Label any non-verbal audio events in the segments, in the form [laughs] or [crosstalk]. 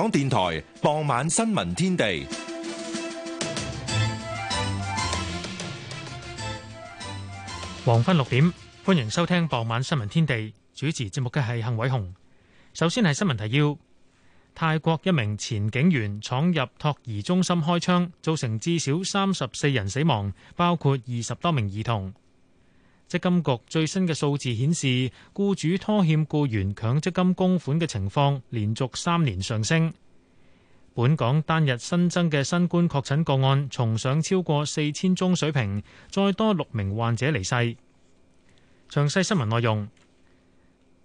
港電台傍晚新聞天地，黃昏六點，歡迎收聽傍晚新聞天地。主持節目嘅係幸偉雄。首先係新聞提要：泰國一名前警員闖入托兒中心開槍，造成至少三十四人死亡，包括二十多名兒童。積金局最新嘅數字顯示，僱主拖欠僱員強積金供款嘅情況連續三年上升。本港單日新增嘅新冠確診個案重上超過四千宗水平，再多六名患者離世。詳細新聞內容：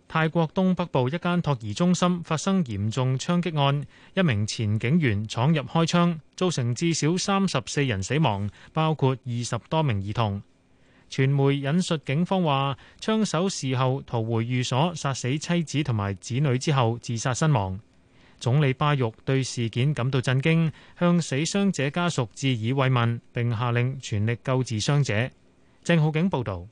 泰國東北部一間托兒中心發生嚴重槍擊案，一名前警員闖入開槍，造成至少三十四人死亡，包括二十多名兒童。傳媒引述警方話，槍手事後逃回寓所，殺死妻子同埋子女之後自殺身亡。總理巴育對事件感到震驚，向死傷者家屬致以慰問，並下令全力救治傷者。鄭浩景報道。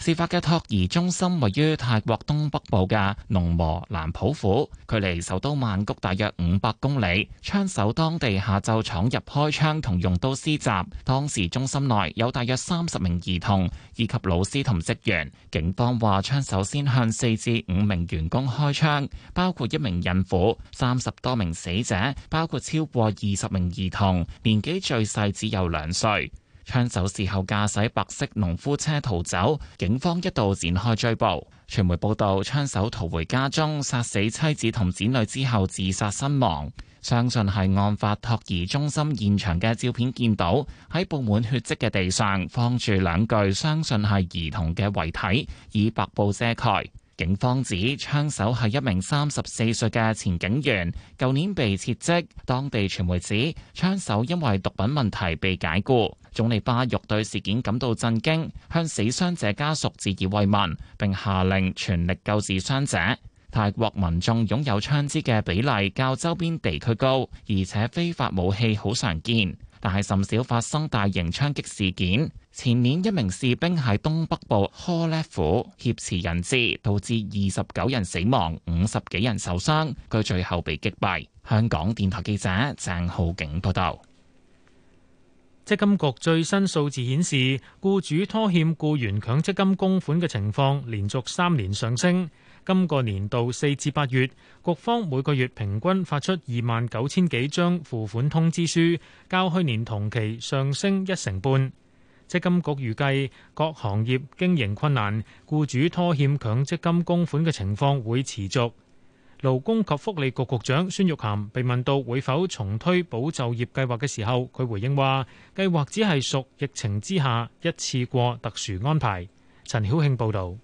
事發嘅托兒中心位於泰國東北部嘅農磨南普府，距離首都曼谷大約五百公里。槍手當地下晝闖入開槍同用刀施襲，當時中心內有大約三十名兒童以及老師同職員。警方話槍手先向四至五名員工開槍，包括一名孕婦。三十多名死者，包括超過二十名兒童，年紀最細只有兩歲。槍手事後駕駛白色農夫車逃走，警方一度展開追捕。傳媒報道，槍手逃回家中，殺死妻子同子女之後自殺身亡。相信係案發託兒中心現場嘅照片見到，喺佈滿血跡嘅地上放住兩具相信係兒童嘅遺體，以白布遮蓋。警方指槍手係一名三十四歲嘅前警員，舊年被撤職。當地傳媒指槍手因為毒品問題被解雇。總理巴育對事件感到震驚，向死傷者家屬致以慰問，並下令全力救治傷者。泰國民眾擁有槍支嘅比例較周邊地區高，而且非法武器好常見。但係甚少發生大型槍擊事件。前年一名士兵喺東北部科叻府挾持人質，導致二十九人死亡、五十幾人受傷，佢最後被擊斃。香港電台記者鄭浩景報道。積金局最新數字顯示，僱主拖欠僱員強積金供款嘅情況連續三年上升。今個年度四至八月，局方每個月平均發出二萬九千幾張付款通知書，較去年同期上升一成半。積金局預計各行業經營困難，僱主拖欠強積金供款嘅情況會持續。勞工及福利局局，局長孫玉涵被問到會否重推保就業計劃嘅時候，佢回應話：計劃只係屬疫情之下一次過特殊安排。陳曉慶報導。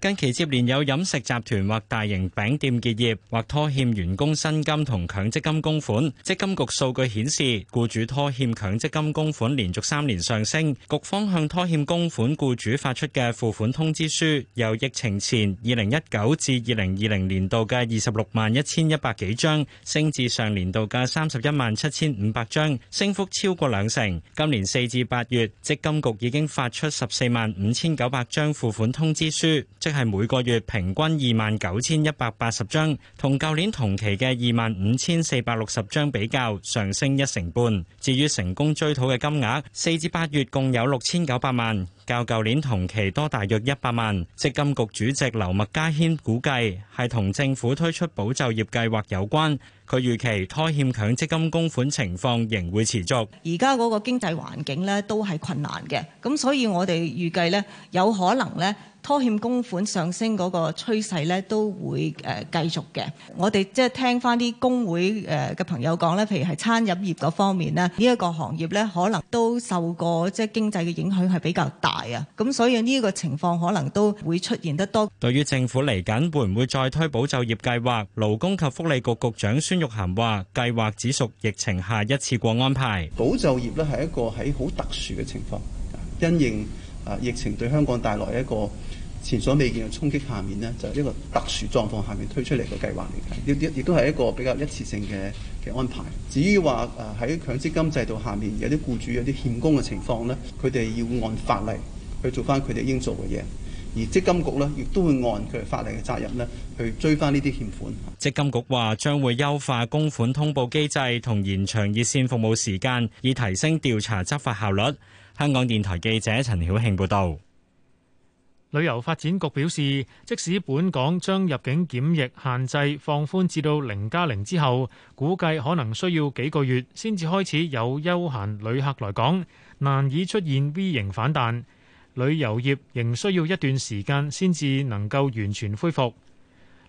近期接連有飲食集團或大型餅店結業，或拖欠員工薪金同強積金供款。積金局數據顯示，僱主拖欠強積金供款連續三年上升。局方向拖欠供款僱主發出嘅付款通知書，由疫情前二零一九至二零二零年度嘅二十六萬一千一百幾張，升至上年度嘅三十一萬七千五百張，升幅超過兩成。今年四至八月，積金局已經發出十四萬五千九百張付款通知書。係每個月平均二萬九千一百八十張，同舊年同期嘅二萬五千四百六十張比較，上升一成半。至於成功追討嘅金額，四至八月共有六千九百萬，較舊年同期多大約一百萬。積金局主席劉麥嘉軒估計，係同政府推出保就業計劃有關。佢預期拖欠強積金供款情況仍會持續。而家嗰個經濟環境呢，都係困難嘅，咁所以我哋預計呢，有可能呢。拖欠工款上升嗰個趨勢咧，都會誒繼續嘅。我哋即係聽翻啲工會誒嘅朋友講咧，譬如係餐飲業嗰方面咧，呢，呢一個行業咧可能都受過即係經濟嘅影響係比較大啊。咁所以呢一個情況可能都會出現得多。對於政府嚟緊會唔會再推保就業計劃？勞工及福利局局，局長孫玉菡話，計劃只屬疫情下一次過安排。保就業咧係一個喺好特殊嘅情況，因應啊疫情對香港帶來一個。前所未見嘅衝擊下面呢，就係一個特殊狀況下面推出嚟嘅計劃嚟嘅，亦亦亦都係一個比較一次性嘅嘅安排。至於話誒喺強積金制度下面有啲僱主有啲欠工嘅情況呢，佢哋要按法例去做翻佢哋應做嘅嘢，而積金局呢，亦都會按佢法例嘅責任呢去追翻呢啲欠款。積金局話將會優化供款通報機制同延長熱線服務時間，以提升調查執法效率。香港電台記者陳曉慶報導。旅遊發展局表示，即使本港將入境檢疫限制放寬至到零加零之後，估計可能需要幾個月先至開始有休閒旅客來港，難以出現 V 型反彈。旅遊業仍需要一段時間先至能夠完全恢復。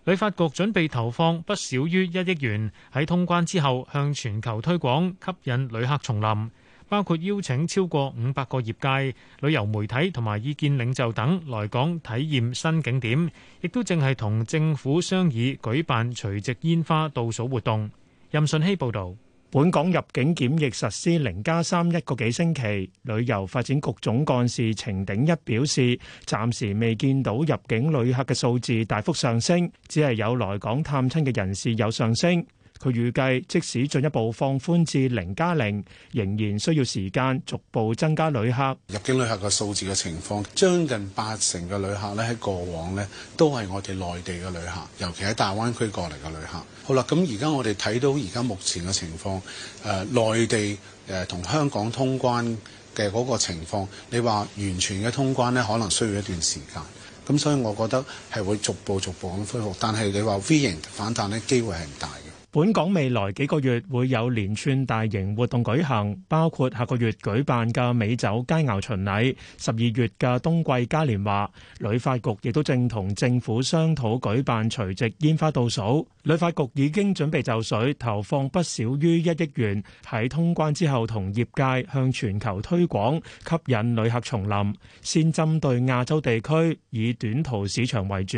旅發局準備投放不少於一億元喺通關之後向全球推廣，吸引旅客重臨。包括邀請超過五百個業界、旅遊媒體同埋意見領袖等來港體驗新景點，亦都正係同政府商議舉辦除夕煙花倒數活動。任信希報導，本港入境檢疫實施零加三一個幾星期，旅遊發展局總幹事程鼎一表示，暫時未見到入境旅客嘅數字大幅上升，只係有來港探親嘅人士有上升。佢預計，即使進一步放寬至零加零，0，仍然需要時間逐步增加旅客入境旅客嘅數字嘅情況。將近八成嘅旅客咧喺過往咧都係我哋內地嘅旅客，尤其喺大灣區過嚟嘅旅客。好啦，咁而家我哋睇到而家目前嘅情況誒、呃、內地誒同香港通關嘅個情況，你話完全嘅通關咧，可能需要一段時間，咁所以，我覺得係會逐步逐步咁恢復，但係你話 V 型反彈咧，機會係唔大嘅。本港未來幾個月會有連串大型活動舉行，包括下個月舉辦嘅美酒佳餚巡禮、十二月嘅冬季嘉年華。旅發局亦都正同政府商討舉辦除夕煙花倒數。旅發局已經準備就緒，投放不少於一億元，喺通關之後同業界向全球推廣，吸引旅客重臨。先針對亞洲地區以短途市場為主，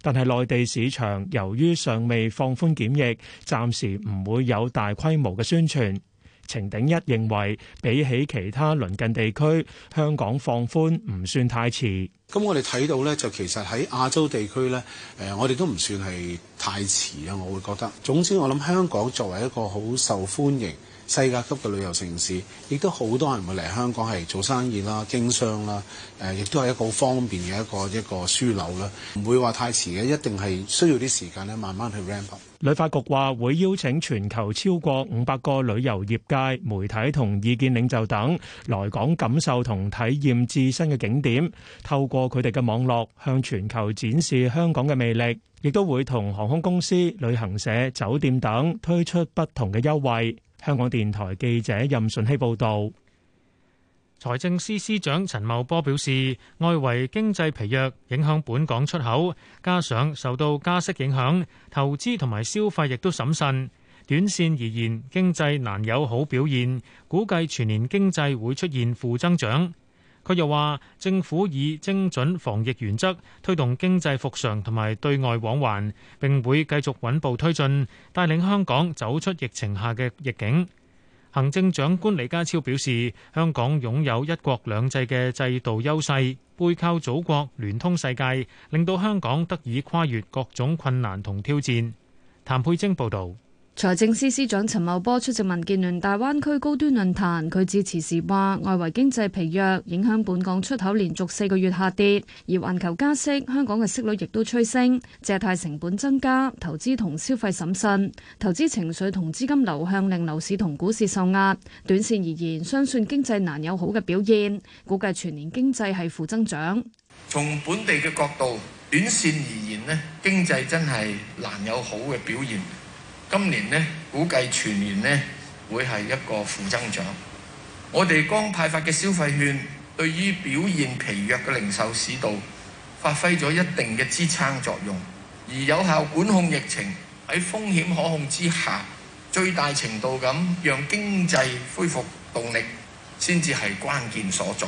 但係內地市場由於尚未放寬檢疫。暫時唔會有大規模嘅宣傳。程鼎一認為，比起其他鄰近地區，香港放寬唔算太遲。咁我哋睇到呢，就其實喺亞洲地區呢，誒，我哋都唔算係太遲啊。我會覺得，總之我諗香港作為一個好受歡迎世界級嘅旅遊城市，亦都好多人會嚟香港係做生意啦、經商啦，誒，亦都係一個好方便嘅一個一個樞紐啦，唔會話太遲嘅，一定係需要啲時間咧，慢慢去 ramp up。旅發局話會邀請全球超過五百個旅遊業界、媒體同意見領袖等來港感受同體驗自身嘅景點，透過佢哋嘅網絡向全球展示香港嘅魅力，亦都會同航空公司、旅行社、酒店等推出不同嘅優惠。香港電台記者任順希報道。財政司司長陳茂波表示，外圍經濟疲弱影響本港出口，加上受到加息影響，投資同埋消費亦都審慎。短線而言，經濟難有好表現，估計全年經濟會出現負增長。佢又話，政府以精準防疫原則推動經濟復常同埋對外往還，並會繼續穩步推進，帶領香港走出疫情下嘅逆境。行政長官李家超表示，香港擁有一國兩制嘅制度優勢，背靠祖國，聯通世界，令到香港得以跨越各種困難同挑戰。譚佩晶報導。財政司司長陳茂波出席民建聯大灣區高端論壇，佢致辭時話：外圍經濟疲弱，影響本港出口連續四個月下跌，而環球加息，香港嘅息率亦都趨升，借貸成本增加，投資同消費審慎，投資情緒同資金流向令樓市同股市受壓。短線而言，相信經濟難有好嘅表現，估計全年經濟係負增長。從本地嘅角度，短線而言咧，經濟真係難有好嘅表現。今年呢，估計全年呢，會係一個負增長。我哋剛派發嘅消費券，對於表現疲弱嘅零售市道，發揮咗一定嘅支撐作用，而有效管控疫情喺風險可控之下，最大程度咁讓經濟恢復動力，先至係關鍵所在。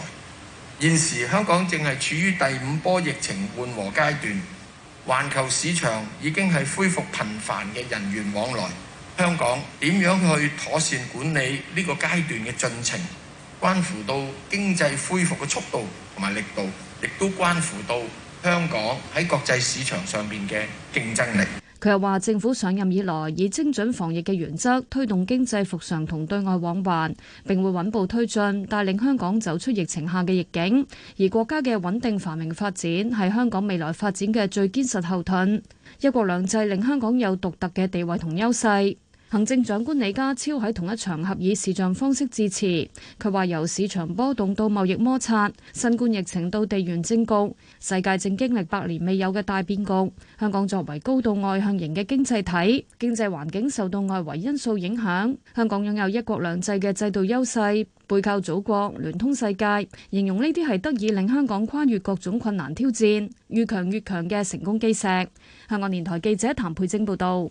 現時香港正係處於第五波疫情緩和階段。環球市場已經係恢復頻繁嘅人員往來，香港點樣去妥善管理呢個階段嘅進程，關乎到經濟恢復嘅速度同埋力度，亦都關乎到香港喺國際市場上面嘅競爭力。佢又話：政府上任以來，以精準防疫嘅原則推動經濟復常同對外往還，並會穩步推進，帶領香港走出疫情下嘅逆境。而國家嘅穩定繁榮發展係香港未來發展嘅最堅實後盾。一國兩制令香港有獨特嘅地位同優勢。行政長官李家超喺同一場合以視像方式致辭，佢話：由市場波動到貿易摩擦，新冠疫情到地緣政局，世界正經歷百年未有嘅大變局。香港作為高度外向型嘅經濟體，經濟環境受到外圍因素影響。香港擁有一國兩制嘅制度優勢，背靠祖國，聯通世界，形容呢啲係得以令香港跨越各種困難挑戰，越強越強嘅成功基石。香港電台記者譚佩晶報道。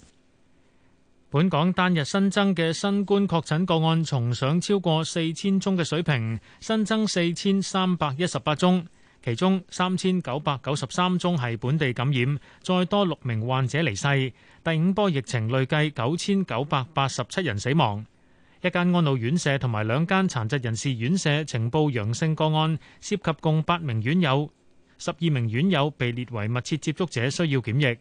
本港單日新增嘅新冠確診個案重上超過四千宗嘅水平，新增四千三百一十八宗，其中三千九百九十三宗係本地感染，再多六名患者離世。第五波疫情累計九千九百八十七人死亡。一間安老院舍同埋兩間殘疾人士院舍呈報陽性個案，涉及共八名院友，十二名院友被列為密切接觸者，需要檢疫。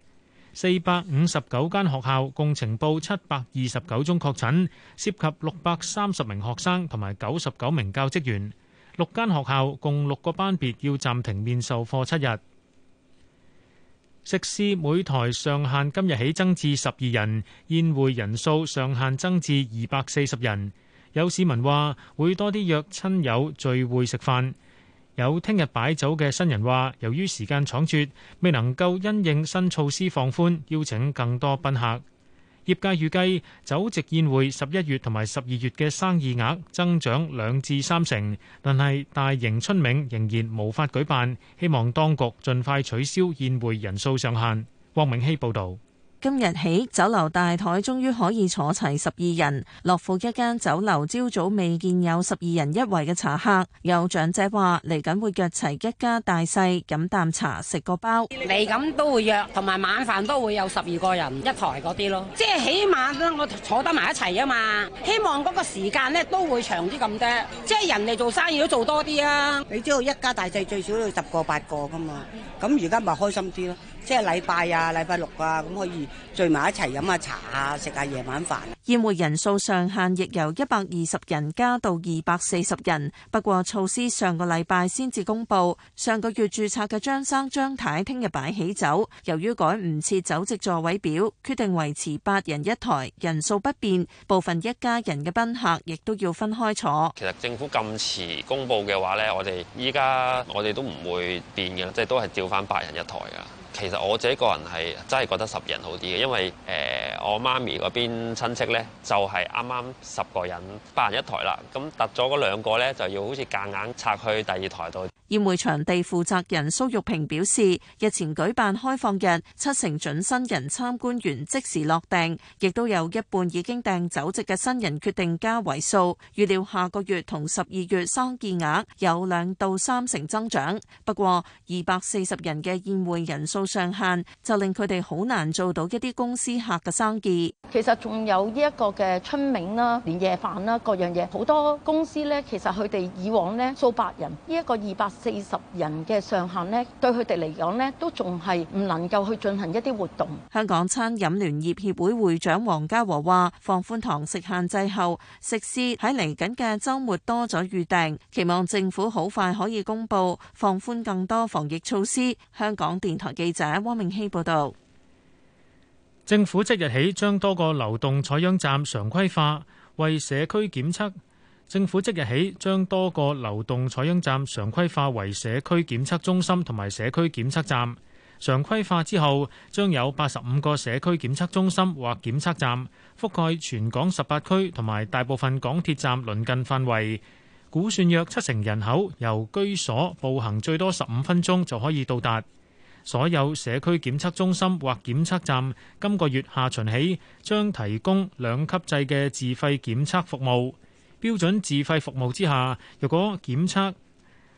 四百五十九間學校共呈報七百二十九宗確診，涉及六百三十名學生同埋九十九名教職員。六間學校共六個班別要暫停面授課七日。食肆每台上限今日起增至十二人，宴會人數上限增至二百四十人。有市民話會多啲約親友聚會食飯。有聽日擺酒嘅新人話，由於時間倉促，未能夠因應新措施放寬，邀請更多賓客。業界預計酒席宴會十一月同埋十二月嘅生意額增長兩至三成，但係大型春茗仍然無法舉辦。希望當局盡快取消宴會人數上限。汪永熙報導。今日起，酒樓大台終於可以坐齊十二人。樂富一間酒樓朝早未見有十二人一圍嘅茶客。有長者話，嚟緊會約齊一家大細飲啖茶，食個包。嚟緊都會約，同埋晚飯都會有十二個人一台嗰啲咯。即係起碼我坐得埋一齊啊嘛。希望嗰個時間呢都會長啲咁多。即係人哋做生意都做多啲啊。你知道一家大細最少都要十個八個噶嘛。咁而家咪開心啲咯。即係禮拜啊，禮拜六啊，咁可以聚埋一齊飲下茶啊，食下夜晚飯。宴會人數上限亦由一百二十人加到二百四十人。不過措施上個禮拜先至公佈。上個月註冊嘅張生張太，聽日擺喜酒，由於改唔切酒席座位表，決定維持八人一台，人數不變。部分一家人嘅賓客亦都要分開坐。其實政府咁遲公佈嘅話呢，我哋依家我哋都唔會變嘅，即係都係照翻八人一台噶。其實我自己個人係真係覺得十人好啲嘅，因為誒、呃、我媽咪嗰邊親戚呢，就係啱啱十個人八人一枱啦，咁突咗嗰兩個咧就要好似夾硬，硬拆去第二枱度。宴會場地負責人蘇玉平表示，日前舉辦開放日，七成準新人參觀完即時落訂，亦都有一半已經訂酒席嘅新人決定加位數。預料下個月同十二月生意額有兩到三成增長。不過二百四十人嘅宴會人數。上限就令佢哋好難做到一啲公司客嘅生意。其實仲有呢一個嘅春茗啦、年夜飯啦、各樣嘢，好多公司咧，其實，佢哋以往咧數百人，呢一個二百四十人嘅上限咧，對佢哋嚟講咧都仲係唔能夠去進行一啲活動，香港餐飲聯業協會會長黃家和話，放寬堂食限制後，食肆喺嚟緊嘅周末多咗預訂，期望政府好快可以公布放寬更多防疫措施。香港電台記記者汪明希報道，政府即日起將多個流動採樣站常規化為社區檢測。政府即日起將多個流動採樣站常規化為社區檢測中心同埋社區檢測站。常規化之後，將有八十五個社區檢測中心或檢測站覆蓋全港十八區同埋大部分港鐵站鄰近範圍，估算約七成人口由居所步行最多十五分鐘就可以到達。所有社區檢測中心或檢測站今個月下旬起將提供兩級制嘅自費檢測服務。標準自費服務之下，若果檢測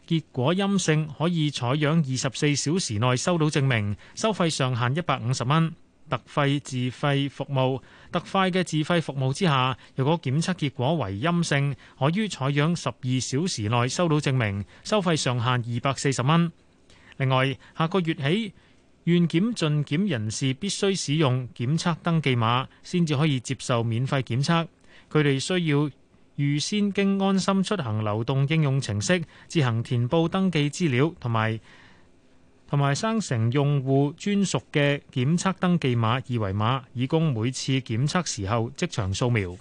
結果陰性，可以採樣二十四小時內收到證明，收費上限一百五十蚊。特費自費服務，特快嘅自費服務之下，若果檢測結果為陰性，可於採樣十二小時內收到證明，收費上限二百四十蚊。另外，下個月起，願檢盡檢人士必須使用檢測登記碼，先至可以接受免費檢測。佢哋需要預先經安心出行流動應用程式自行填報登記資料，同埋同埋生成用戶專屬嘅檢測登記碼二維碼，以供每次檢測時候即場掃描。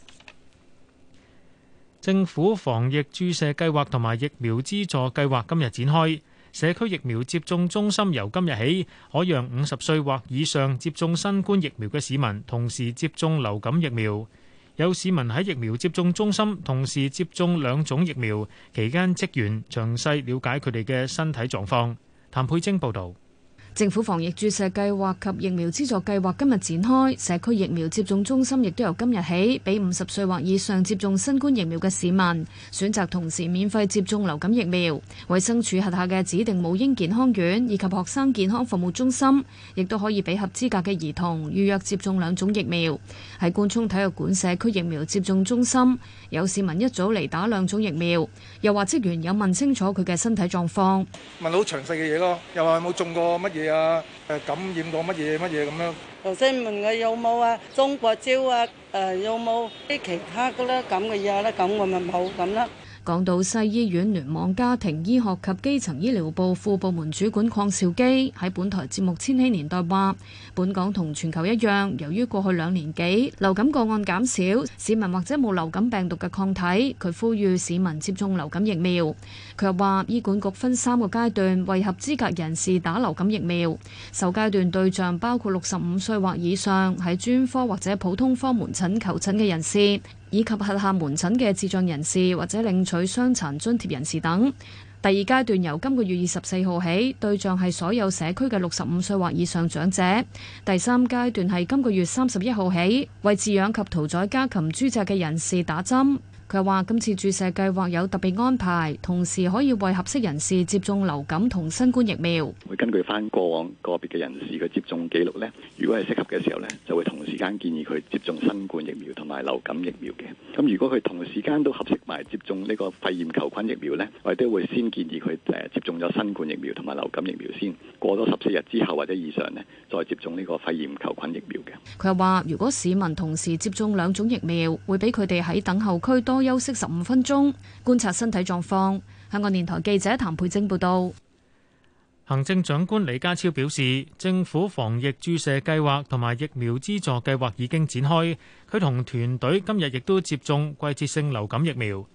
政府防疫注射計劃同埋疫苗資助計劃今日展開。社區疫苗接種中心由今日起，可讓五十歲或以上接種新冠疫苗嘅市民，同時接種流感疫苗。有市民喺疫苗接種中心同時接種兩種疫苗，期間職員詳細了解佢哋嘅身體狀況。譚佩晶報導。政府防疫注射計劃及疫苗資助計劃今日展開，社區疫苗接種中心亦都由今日起，俾五十歲或以上接種新冠疫苗嘅市民選擇同時免費接種流感疫苗。衛生署轄下嘅指定母嬰健康院以及學生健康服務中心，亦都可以俾合資格嘅兒童預約接種兩種疫苗。喺官涌體育館社區疫苗接種中心，有市民一早嚟打兩種疫苗，又話職員有問清楚佢嘅身體狀況，問好詳細嘅嘢咯，又話有冇中過乜嘢啊？誒感染過乜嘢乜嘢咁樣？頭先問佢有冇啊，中國招啊？誒有冇啲其他嘅咧？咁嘅嘢咧？咁我咪冇咁啦。港島西醫院聯網家庭醫學及基層醫療部副部門主管匡兆基喺本台節目《千禧年代》話：本港同全球一樣，由於過去兩年幾流感個案減少，市民或者冇流感病毒嘅抗體，佢呼籲市民接種流感疫苗。佢又話，醫管局分三個階段為合資格人士打流感疫苗。首階段對象包括六十五歲或以上喺專科或者普通科門診求診嘅人士。以及轄下門診嘅智障人士或者領取傷殘津貼人士等。第二階段由今個月二十四號起，對象係所有社區嘅六十五歲或以上長者。第三階段係今個月三十一號起，為飼養及屠宰家禽豬隻嘅人士打針。佢話今次注射計劃有特別安排，同時可以為合適人士接種流感同新冠疫苗。會根據翻過往個別嘅人士嘅接種記錄咧，如果係適合嘅時候咧，就會同時間建議佢接種新冠疫苗同埋流感疫苗嘅。咁如果佢同時間都合適埋接種呢個肺炎球菌疫苗咧，我哋都會先建議佢誒接種咗新冠疫苗同埋流感疫苗先。過咗十四日之後或者以上咧，再接種呢個肺炎球菌疫苗嘅。佢又話：如果市民同時接種兩種疫苗，會俾佢哋喺等候區多。休息十五分鐘，觀察身體狀況。香港電台記者譚佩晶報道。行政長官李家超表示，政府防疫注射計劃同埋疫苗資助計劃已經展開。佢同團隊今日亦都接種季節性流感疫苗。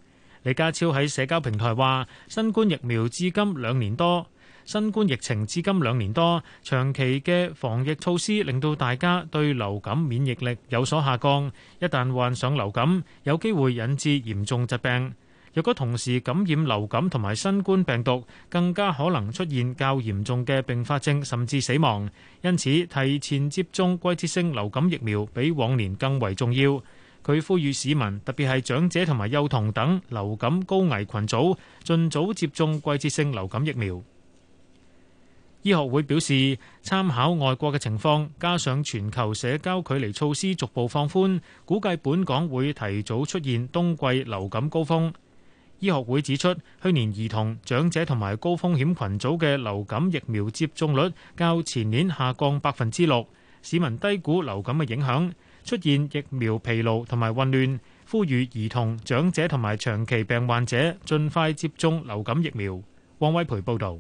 李家超喺社交平台話：新冠疫苗至今兩年多。新冠疫情至今兩年多，長期嘅防疫措施令到大家對流感免疫力有所下降。一旦患上流感，有機會引致嚴重疾病。若果同時感染流感同埋新冠病毒，更加可能出現較嚴重嘅併發症，甚至死亡。因此，提前接種季節性流感疫苗比往年更為重要。佢呼籲市民，特別係長者同埋幼童等流感高危群組，盡早接種季節性流感疫苗。醫學會表示，參考外國嘅情況，加上全球社交距離措施逐步放寬，估計本港會提早出現冬季流感高峰。醫學會指出，去年兒童、長者同埋高風險群組嘅流感疫苗接種率較前年下降百分之六，市民低估流感嘅影響，出現疫苗疲勞同埋混亂，呼籲兒童、長者同埋長期病患者盡快接種流感疫苗。汪威培報導。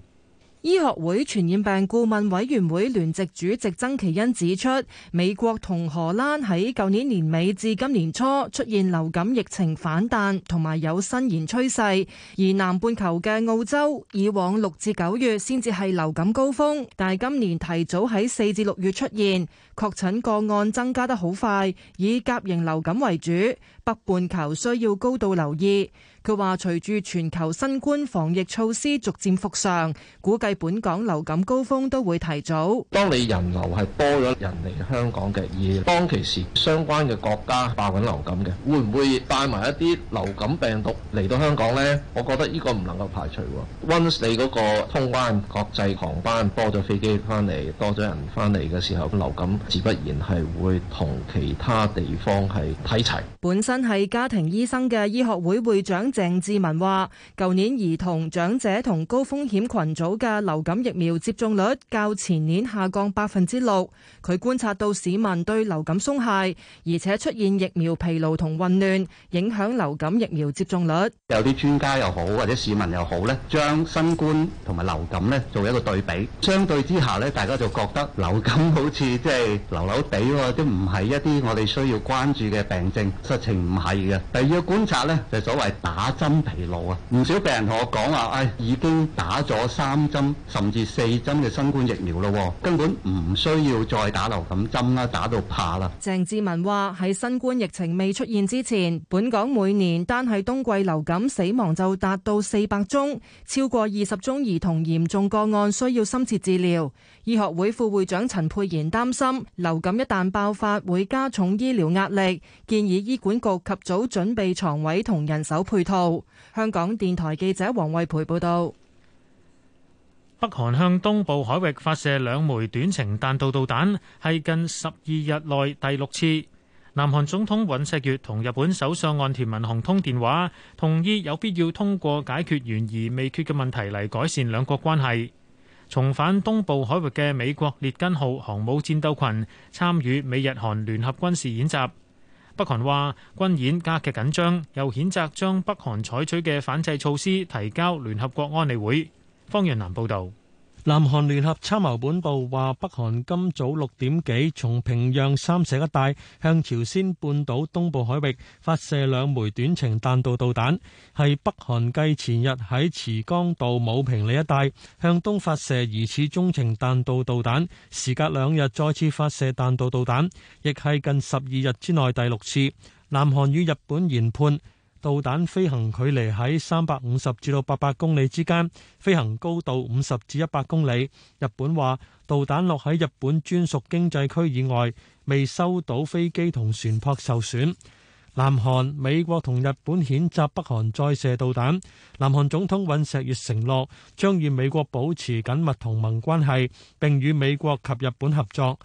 醫學會傳染病顧問委員會聯席主席曾其恩指出，美國同荷蘭喺舊年年尾至今年初出現流感疫情反彈，同埋有伸延趨勢。而南半球嘅澳洲以往六至九月先至係流感高峰，但係今年提早喺四至六月出現，確診個案增加得好快，以甲型流感為主。北半球需要高度留意。佢話隨住全球新冠防疫措施逐漸復常，估計本港流感高峰都會提早。當你人流係多咗人嚟香港嘅，而當其時相關嘅國家爆緊流感嘅，會唔會帶埋一啲流感病毒嚟到香港咧？我覺得呢個唔能夠排除。Once 你嗰個通關國際航班多咗飛機翻嚟，多咗人翻嚟嘅時候，流感自不然係會同其他地方係睇齊。本身係家庭醫生嘅醫學會會長。鄭志文話，舊年兒童、長者同高風險群組嘅流感疫苗接種率較前年下降百分之六。佢觀察到市民對流感鬆懈，而且出現疫苗疲勞同混亂，影響流感疫苗接種率。有啲專家又好，或者市民又好呢，將新冠同埋流感呢做一個對比，相對之下呢，大家就覺得流感好似即係流流哋喎，都唔係一啲我哋需要關注嘅病症。實情唔係嘅。第二個觀察呢，就所謂打。打針疲勞啊！唔少病人同我講話，唉、哎，已經打咗三針甚至四針嘅新冠疫苗咯，根本唔需要再打流感針啦，打到怕啦。鄭志文話：喺新冠疫情未出現之前，本港每年單係冬季流感死亡就達到四百宗，超過二十宗兒童嚴重個案需要深切治療。醫學會副會長陳佩然擔心流感一旦爆發會加重醫療壓力，建議醫管局及早準備床位同人手配套。香港電台記者黃慧培報道：北韓向東部海域發射兩枚短程彈道導彈，係近十二日內第六次。南韓總統尹錫悅同日本首相岸田文雄通電話，同意有必要通過解決懸而未決嘅問題嚟改善兩國關係。重返東部海域嘅美國列根號航母戰鬥群參與美日韓聯合軍事演習。北韓話軍演加劇緊張，又譴責將北韓採取嘅反制措施提交聯合國安理會。方潤南報導。南韓聯合參謀本部話，北韓今早六點幾從平壤三社一帶向朝鮮半島東部海域發射兩枚短程彈道導彈，係北韓繼前日喺池江道武平里一帶向東發射疑似中程彈道導彈，時隔兩日再次發射彈道導彈，亦係近十二日之內第六次。南韓與日本研判。導彈飛行距離喺三百五十至到八百公里之間，飛行高度五十至一百公里。日本話導彈落喺日本專屬經濟區以外，未收到飛機同船舶受損。南韓、美國同日本譴責北韓再射導彈。南韓總統尹錫悅承諾將與美國保持緊密同盟關係，並與美國及日本合作。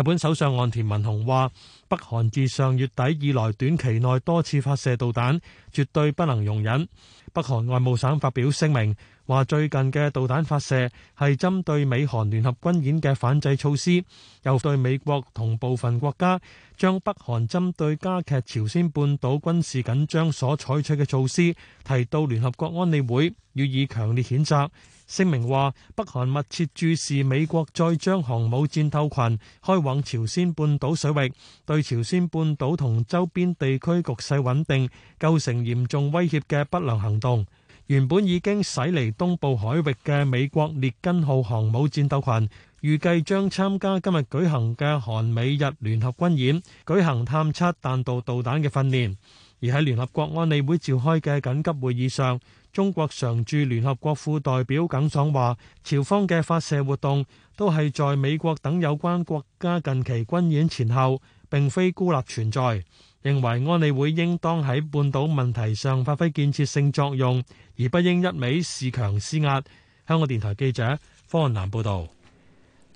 日本首相岸田文雄話：北韓自上月底以來，短期內多次發射導彈，絕對不能容忍。北韓外務省發表聲明。話最近嘅導彈發射係針對美韓聯合軍演嘅反制措施，又對美國同部分國家將北韓針對加劇朝鮮半島軍事緊張所採取嘅措施，提到聯合國安理會，予以強烈譴責。聲明話，北韓密切注視美國再將航母戰鬥群開往朝鮮半島水域，對朝鮮半島同周邊地區局勢穩定構成嚴重威脅嘅不良行動。原本已經駛離東部海域嘅美國列根號航母戰鬥群，預計將參加今日舉行嘅韓美日聯合軍演，舉行探測彈道導彈嘅訓練。而喺聯合國安理會召開嘅緊急會議上，中國常駐聯合國副代表耿爽話：朝方嘅發射活動都係在美國等有關國家近期軍演前後，並非孤立存在。認為安理會應當喺半島問題上發揮建設性作用，而不應一味恃強施壓。香港電台記者方南報道。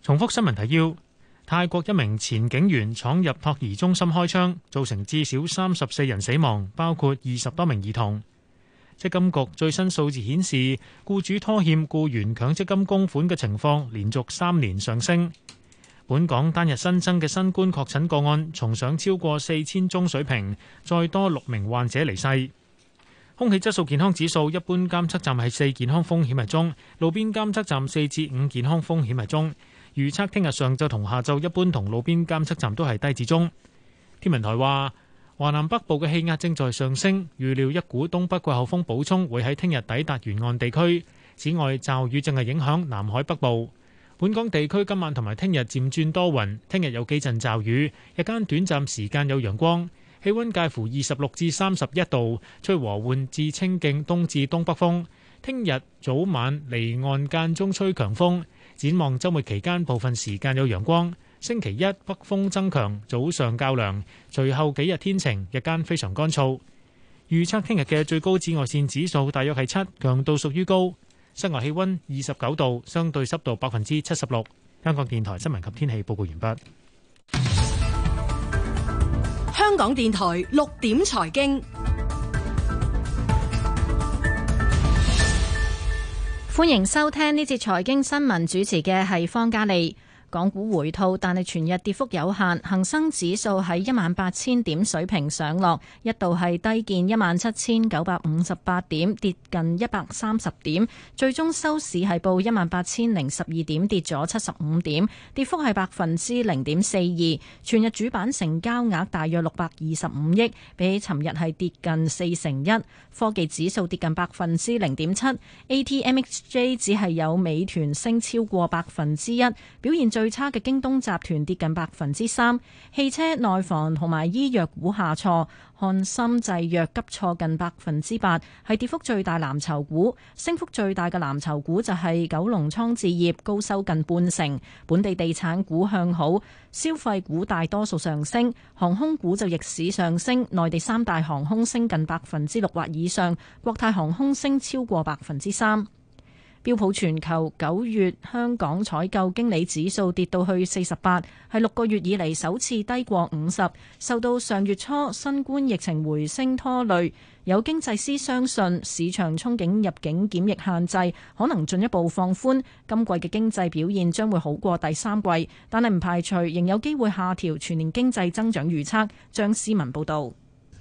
重複新聞提要：泰國一名前警員闖入托兒中心開槍，造成至少三十四人死亡，包括二十多名兒童。積金局最新數字顯示，僱主拖欠僱員強積金供款嘅情況，連續三年上升。本港單日新增嘅新冠確診個案重上超過四千宗水平，再多六名患者離世。空氣質素健康指數一般監測站係四，健康風險係中，路邊監測站四至五，健康風險係中。預測聽日上晝同下晝一般同路邊監測站都係低至中。天文台話，華南北部嘅氣壓正在上升，預料一股東北季候風補充會喺聽日抵達沿岸地區。此外，驟雨正係影響南海北部。本港地區今晚同埋聽日漸轉多雲，聽日有幾陣驟雨，日間短暫時間有陽光，氣温介乎二十六至三十一度，吹和緩至清勁東至東北風。聽日早晚離岸間中吹強風，展望週末期間部分時間有陽光，星期一北風增強，早上較涼，隨後幾日天晴，日間非常乾燥。預測聽日嘅最高紫外線指數大約係七，強度屬於高。室外氣溫二十九度，相對濕度百分之七十六。香港電台新聞及天氣報告完畢。香港電台六點財經，歡迎收聽呢節財經新聞，主持嘅係方嘉莉。港股回吐，但係全日跌幅有限。恒生指數喺一萬八千點水平上落，一度係低見一萬七千九百五十八點，跌近一百三十點，最終收市係報一萬八千零十二點，跌咗七十五點，跌幅係百分之零點四二。全日主板成交額大約六百二十五億，比起尋日係跌近四成一。科技指數跌近百分之零點七，ATMHJ 只係有美團升超過百分之一，表現最。最差嘅京東集團跌近百分之三，汽車、內房同埋醫藥股下挫，漢森製藥急挫近百分之八，係跌幅最大藍籌股。升幅最大嘅藍籌股就係九龍倉置業，高收近半成。本地地產股向好，消費股大多數上升，航空股就逆市上升，內地三大航空升近百分之六或以上，國泰航空升超過百分之三。標普全球九月香港採購經理指數跌到去四十八，係六個月以嚟首次低過五十，受到上月初新冠疫情回升拖累。有經濟師相信市場憧憬入境檢疫限制可能進一步放寬，今季嘅經濟表現將會好過第三季，但係唔排除仍有機會下調全年經濟增長預測。張思文報道。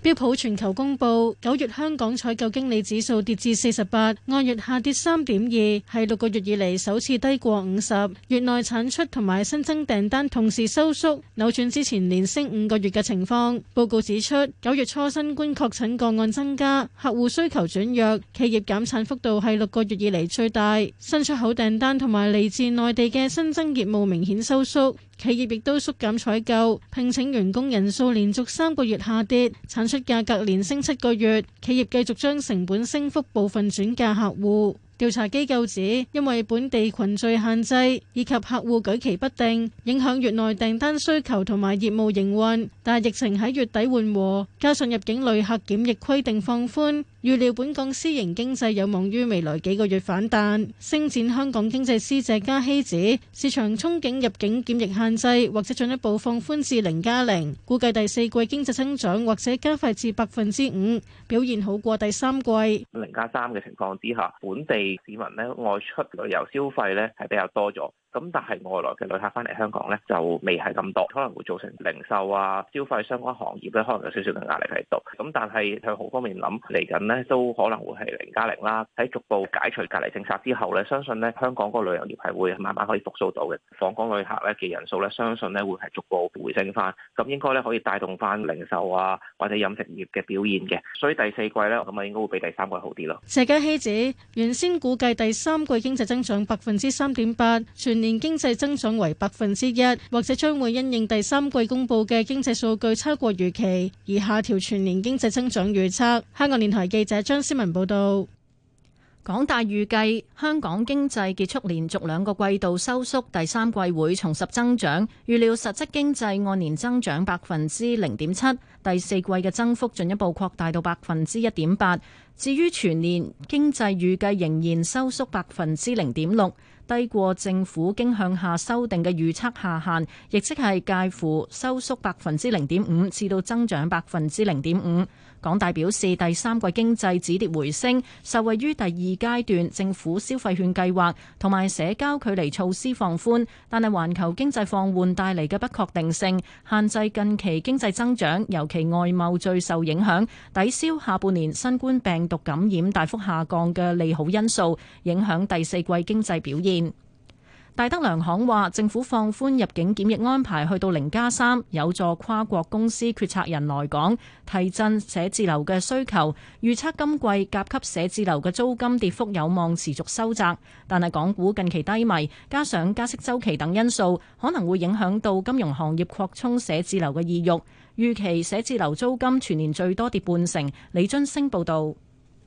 標普全球公布，九月香港採購經理指數跌至四十八，按月下跌三點二，係六個月以嚟首次低過五十。月內產出同埋新增訂單同時收縮，扭轉之前連升五個月嘅情況。報告指出，九月初新冠確診個案增加，客戶需求轉弱，企業減產幅度係六個月以嚟最大。新出口訂單同埋嚟自內地嘅新增業務明顯收縮。企業亦都縮減採購，聘請員工人數連續三個月下跌，產出價格連升七個月，企業繼續將成本升幅部分轉嫁客戶。調查機構指，因為本地群聚限制以及客戶舉棋不定，影響月內訂單需求同埋業務營運，但疫情喺月底緩和，加上入境旅客檢疫規定放寬。預料本港私營經濟有望於未來幾個月反彈。星展香港經濟師謝家希指，市場憧憬入境檢疫限制或者進一步放寬至零加零，估計第四季經濟增長或者加快至百分之五，表現好過第三季。零加三嘅情況之下，本地市民咧外出旅遊消費咧係比較多咗，咁但係外來嘅旅客翻嚟香港咧就未係咁多，可能會造成零售啊消費相關行業咧可能有少少嘅壓力喺度。咁但係向好方面諗嚟緊咧。都可能會係零加零啦，喺逐步解除隔離政策之後呢，相信呢香港嗰個旅遊業係會慢慢可以復甦到嘅，訪港旅客呢嘅人數呢，相信呢會係逐步回升返，咁應該呢可以帶動返零售啊或者飲食業嘅表現嘅，所以第四季呢，咁啊應該會比第三季好啲咯。謝家希指原先估計第三季經濟增長百分之三點八，全年經濟增長為百分之一，或者將會因應第三季公佈嘅經濟數據超過預期而下調全年經濟增長預測。香港電台記記者張思文報道，港大預計香港經濟結束連續兩個季度收縮，第三季會重拾增長。預料實質經濟按年增長百分之零點七，第四季嘅增幅進一步擴大到百分之一點八。至於全年經濟預計仍然收縮百分之零點六，低過政府經向下修訂嘅預測下限，亦即係介乎收縮百分之零點五至到增長百分之零點五。港大表示，第三季經濟止跌回升，受惠於第二階段政府消費券計劃同埋社交距離措施放寬，但係環球經濟放緩帶嚟嘅不確定性，限制近期經濟增長，尤其外貿最受影響，抵消下半年新冠病毒感染大幅下降嘅利好因素，影響第四季經濟表現。戴德梁行話，政府放寬入境檢疫安排去到零加三，3，有助跨國公司決策人來港，提振寫字樓嘅需求。預測今季甲級寫字樓嘅租金跌幅有望持續收窄，但係港股近期低迷，加上加息周期等因素，可能會影響到金融行業擴充寫字樓嘅意欲。預期寫字樓租金全年最多跌半成。李津星報導。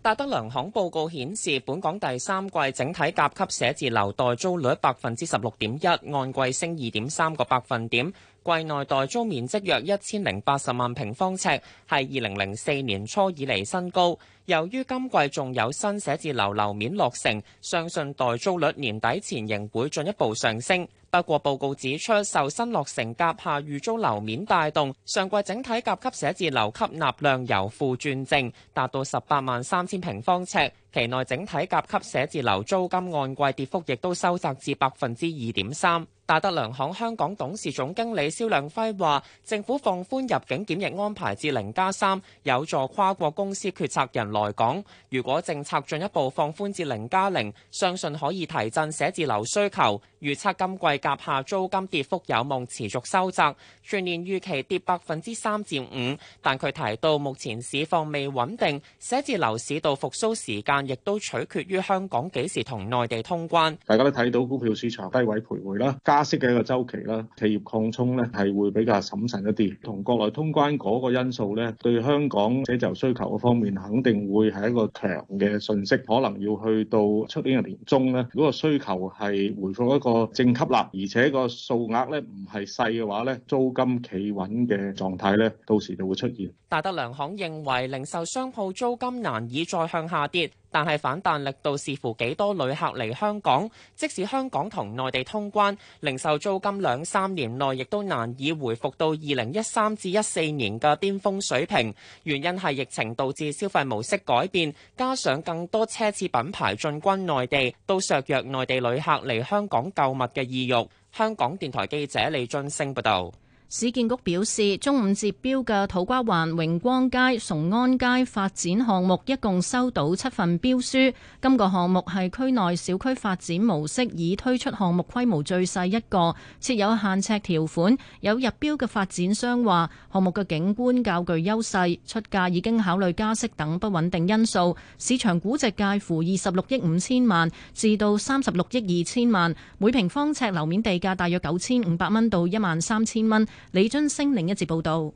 達德良行報告顯示，本港第三季整體甲級寫字樓待租率百分之十六點一，按季升二點三個百分點。季內待租面積約一千零八十萬平方尺，係二零零四年初以嚟新高。由於今季仲有新寫字樓樓面落成，相信待租率年底前仍會進一步上升。不過報告指出，受新落成甲廈預租樓面帶動，上季整體甲級寫字樓吸納量由負轉正，達到十八萬三千平方尺。期內整體甲級寫字樓租金按季跌幅亦都收窄至百分之二點三。大德良行香港董事總經理蕭亮輝話，政府放寬入境檢疫安排至零加三，有助跨國公司決策人來港。如果政策進一步放寬至零加零，相信可以提振寫字樓需求。預測今季甲廈租金跌幅有望持續收窄，全年預期跌百分之三至五。5，但佢提到，目前市況未穩定，寫字樓市道復甦時間亦都取決於香港幾時同內地通關。大家都睇到股票市場低位徘徊啦。加息嘅一個周期啦，企業擴充咧係會比較審慎一啲。同國內通關嗰個因素咧，對香港嘅就需求嘅方面，肯定會係一個強嘅信息。可能要去到出年嘅年中咧，如果個需求係回復一個正級，啦，而且個數額咧唔係細嘅話咧，租金企穩嘅狀態咧，到時就會出現。戴德梁行認為零售商鋪租金難以再向下跌。但係反彈力度視乎幾多旅客嚟香港，即使香港同內地通關，零售租金兩三年內亦都難以回復到二零一三至一四年嘅巔峰水平。原因係疫情導致消費模式改變，加上更多奢侈品牌進軍內地，都削弱內地旅客嚟香港購物嘅意欲。香港電台記者李俊升報導。市建局表示，中午接標嘅土瓜灣、榮光街、崇安街發展項目，一共收到七份標書。今個項目係區內小區發展模式已推出項目規模最細一個，設有限尺條款。有入標嘅發展商話，項目嘅景觀較具優勢，出價已經考慮加息等不穩定因素，市場估值介乎二十六億五千萬至到三十六億二千萬，每平方尺樓面地價大約九千五百蚊到一萬三千蚊。李津星，另一節報道，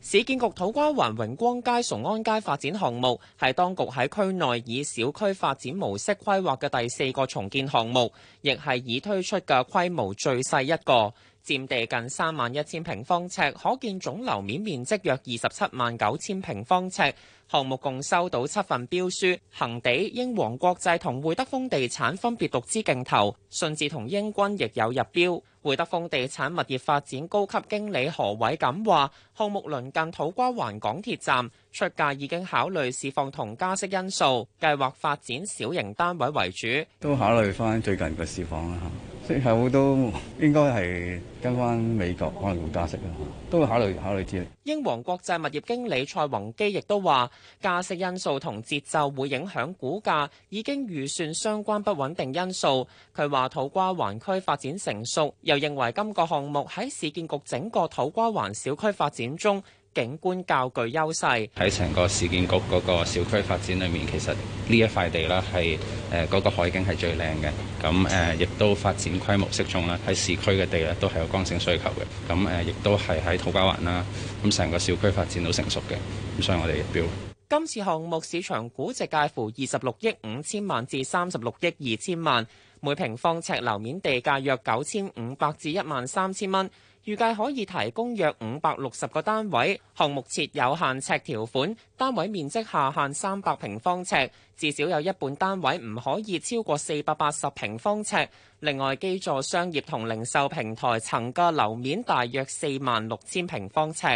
市建局土瓜灣榮光街崇安街發展項目係當局喺區內以小區發展模式規劃嘅第四個重建項目，亦係已推出嘅規模最細一個，占地近三萬一千平方尺，可建總樓面面積約二十七萬九千平方尺。項目共收到七份標書，恒地、英皇國際同匯德豐地產分別獨資競投，順治同英軍亦有入標。匯德豐地產物業發展高級經理何偉錦話：項目鄰近土瓜灣港鐵站，出價已經考慮市況同加息因素，計劃發展小型單位為主。都考慮翻最近個市況啦，即係都應該係跟翻美國可能會加息啦。都會考慮考慮之。英皇國際物業經理蔡宏基亦都話：加息因素同節奏會影響股價，已經預算相關不穩定因素。佢話土瓜灣區發展成熟，又認為今個項目喺市建局整個土瓜灣小區發展中，景觀較具優勢，喺成個市建局嗰個小區發展裏面，其實呢一塊地啦，係誒嗰個海景係最靚嘅。咁誒，亦、呃、都發展規模適中啦。喺市區嘅地咧，都係有剛性需求嘅。咁誒，亦都係喺土瓜灣啦。咁成、啊、個小區發展到成熟嘅，咁所以我哋入標。今次項目市場估值介乎二十六億五千萬至三十六億二千萬，每平方尺樓面地價約九千五百至一萬三千蚊。預計可以提供約五百六十個單位，項目設有限尺條款，單位面積下限三百平方尺，至少有一半單位唔可以超過四百八十平方尺。另外，基座商業同零售平台層嘅樓面大約四萬六千平方尺。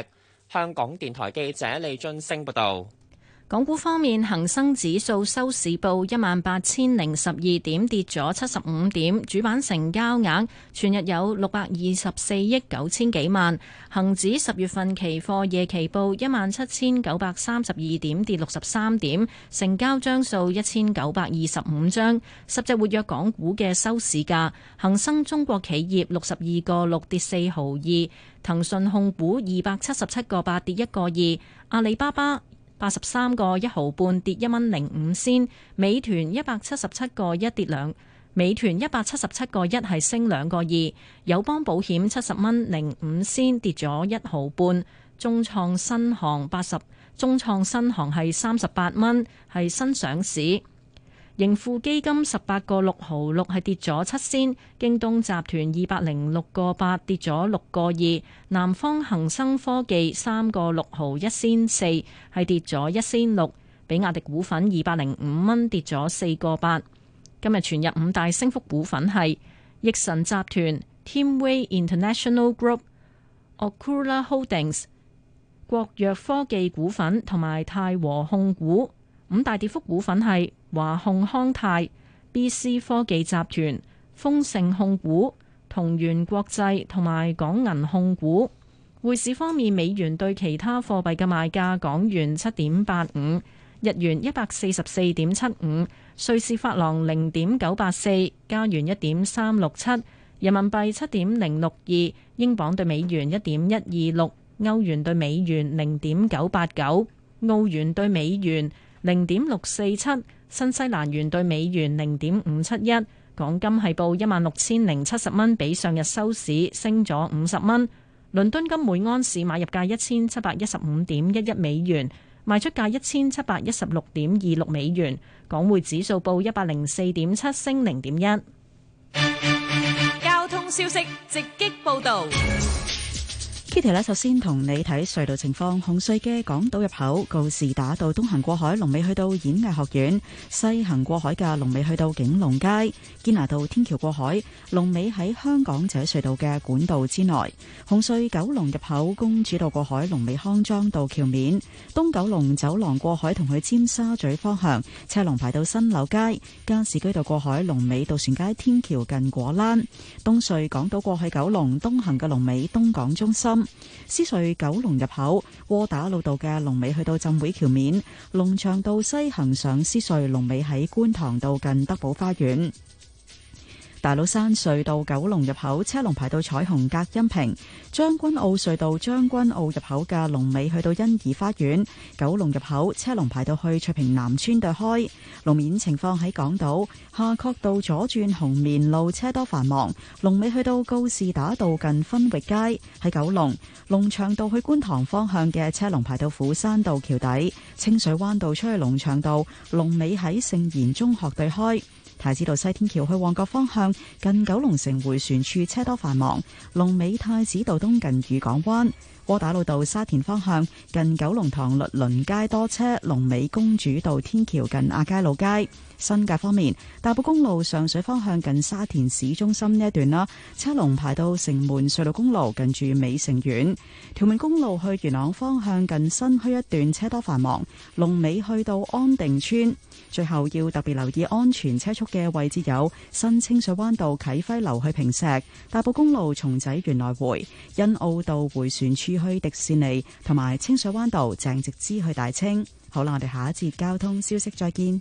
香港電台記者李津升報道。港股方面，恒生指數收市報一萬八千零十二點，跌咗七十五點。主板成交額全日有六百二十四億九千幾萬。恒指十月份期貨夜期報一萬七千九百三十二點，跌六十三點，成交張數一千九百二十五張。十隻活躍港股嘅收市價，恒生中國企業六十二個六跌四毫二，騰訊控股二百七十七個八跌一個二，阿里巴巴。八十三個一毫半跌一蚊零五仙，美團一百七十七個一跌兩，美團一百七十七個一係升兩個二，友邦保險七十蚊零五仙跌咗一毫半，中創新航八十，中創新航係三十八蚊，係新上市。盈富基金十八個六毫六係跌咗七仙，京東集團二百零六個八跌咗六個二，南方恒生科技三個六毫一仙四係跌咗一仙六，比亞迪股份二百零五蚊跌咗四個八。今日全日五大升幅股份係益臣集團、Teamway International Group、Okura Holdings、國藥科技股份同埋泰和控股。五大跌幅股份係華控康泰、B.C. 科技集團、豐盛控股、同源國際同埋港銀控股。匯市方面，美元對其他貨幣嘅賣價：港元七點八五，日元一百四十四點七五，瑞士法郎零點九八四，加元一點三六七，人民幣七點零六二，英鎊兌美元一點一二六，歐元兌美元零點九八九，澳元兌美元，零點六四七，新西蘭元對美元零點五七一，港金係報一萬六千零七十蚊，比上日收市升咗五十蚊。倫敦金每安士買入價一千七百一十五點一一美元，賣出價一千七百一十六點二六美元。港匯指數報一百零四點七，升零點一。交通消息直擊報道。Kitty 咧，首先同你睇隧道情況。紅隧嘅港島入口告士打道東行過海，龍尾去到演藝學院；西行過海嘅龍尾去到景隆街堅拿道天橋過海，龍尾喺香港仔隧道嘅管道之內。紅隧九龍入口公主道過海，龍尾康莊道橋面；東九龍走廊過海同去尖沙咀方向，車龍排到新樓街加士居道過海，龍尾渡船街天橋近果欄；東隧港島過去九龍東行嘅龍尾東港中心。獅隧九龍入口窩打老道嘅龍尾去到浸會橋面，龍翔道西行上獅隧，龍尾喺觀塘道近德寶花園。大老山隧道九龍入口車龍排到彩虹隔音屏，將軍澳隧道將軍澳入口嘅龍尾去到欣怡花園，九龍入口車龍排到去翠屏南村對開。路面情況喺港島夏慤道左轉紅棉路車多繁忙，龍尾去到告士打道近分域街喺九龍龍翔道去觀塘方向嘅車龍排到斧山道橋底，清水灣道出去龍翔道龍尾喺聖賢中學對開。太子道西天橋去旺角方向，近九龍城回旋處車多繁忙；龍尾太子道東近愉港灣，窩打老道沙田方向近九龍塘律倫街多車；龍尾公主道天橋近亞皆老街。新界方面，大埔公路上水方向近沙田市中心呢一段啦，車龍排到城門隧道公路近住美城苑；條明公路去元朗方向近新墟一段車多繁忙，龍尾去到安定村。最後要特別留意安全車速嘅位置有新清水灣道啟輝樓去坪石，大埔公路松仔園來回，恩澳道回旋處去迪士尼，同埋清水灣道鄭植之去大清。好啦，我哋下一節交通消息再見。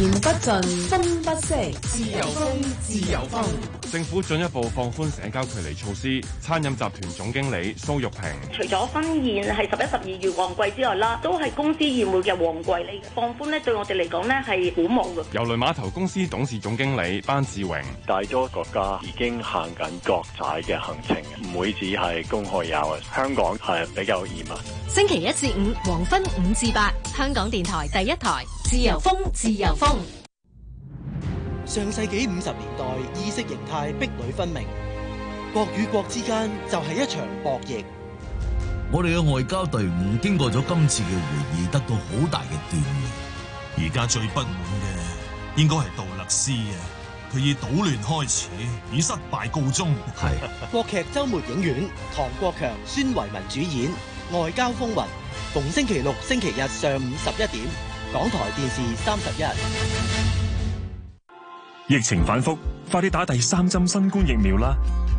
言不盡，心不息，自由風，自由風。政府進一步放寬社交距離措施。餐飲集團總經理蘇玉萍：除咗婚宴係十一、十二月旺季之外啦，都係公司宴會嘅旺季嚟。放寬咧，對我哋嚟講咧係好忙嘅。郵輪碼頭公司董事總經理班志榮：大多國家已經行緊國際嘅行程，唔會只係公海遊。香港係比較嚴密。星期一至五黃昏五至八，香港電台第一台。自由風，自由風。上世紀五十年代，意識形態壁壘分明，國與國之間就係一場博弈。我哋嘅外交隊伍經過咗今次嘅會議，得到好大嘅鍛煉。而家最不滿嘅，應該係杜勒斯啊！佢以搗亂開始，以失敗告終。係是。 [laughs] 國劇周末影院，唐國強、孫維民主演《外交風雲》，逢星期六、星期日上午十一點。港台電視三十一，疫情反覆，快啲打第三針新冠疫苗啦！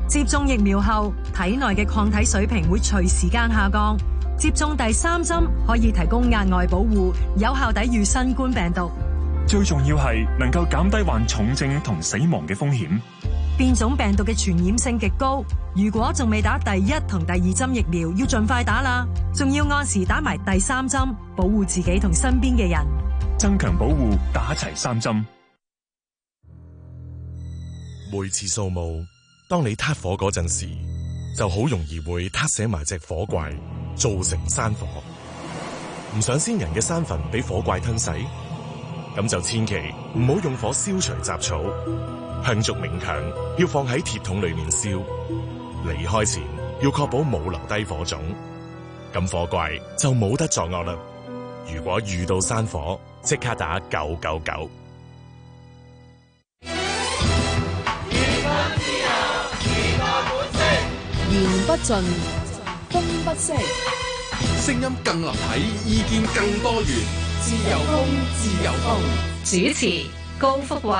接種疫苗後，體內嘅抗體水平會隨時間下降，接種第三針可以提供額外保護，有效抵御新冠病毒。最重要係能夠減低患重症同死亡嘅風險。變種病毒嘅傳染性極高，如果仲未打第一同第二針疫苗，要盡快打啦。仲要按時打埋第三針，保護自己同身邊嘅人，增強保護，打齊三針。每次掃墓，當你撻火嗰陣時，就好容易會撻死埋隻火怪，造成山火。唔想先人嘅山墳俾火怪吞噬，咁就千祈唔好用火消除雜草。香燭冥鏹要放喺鐵桶裏面燒，離開前要確保冇留低火種，咁火怪就冇得作惡啦。如果遇到山火，即刻打九九九。言不盡，風不息，聲音更立體，意見更多元，自由風，自由風。主持高福華。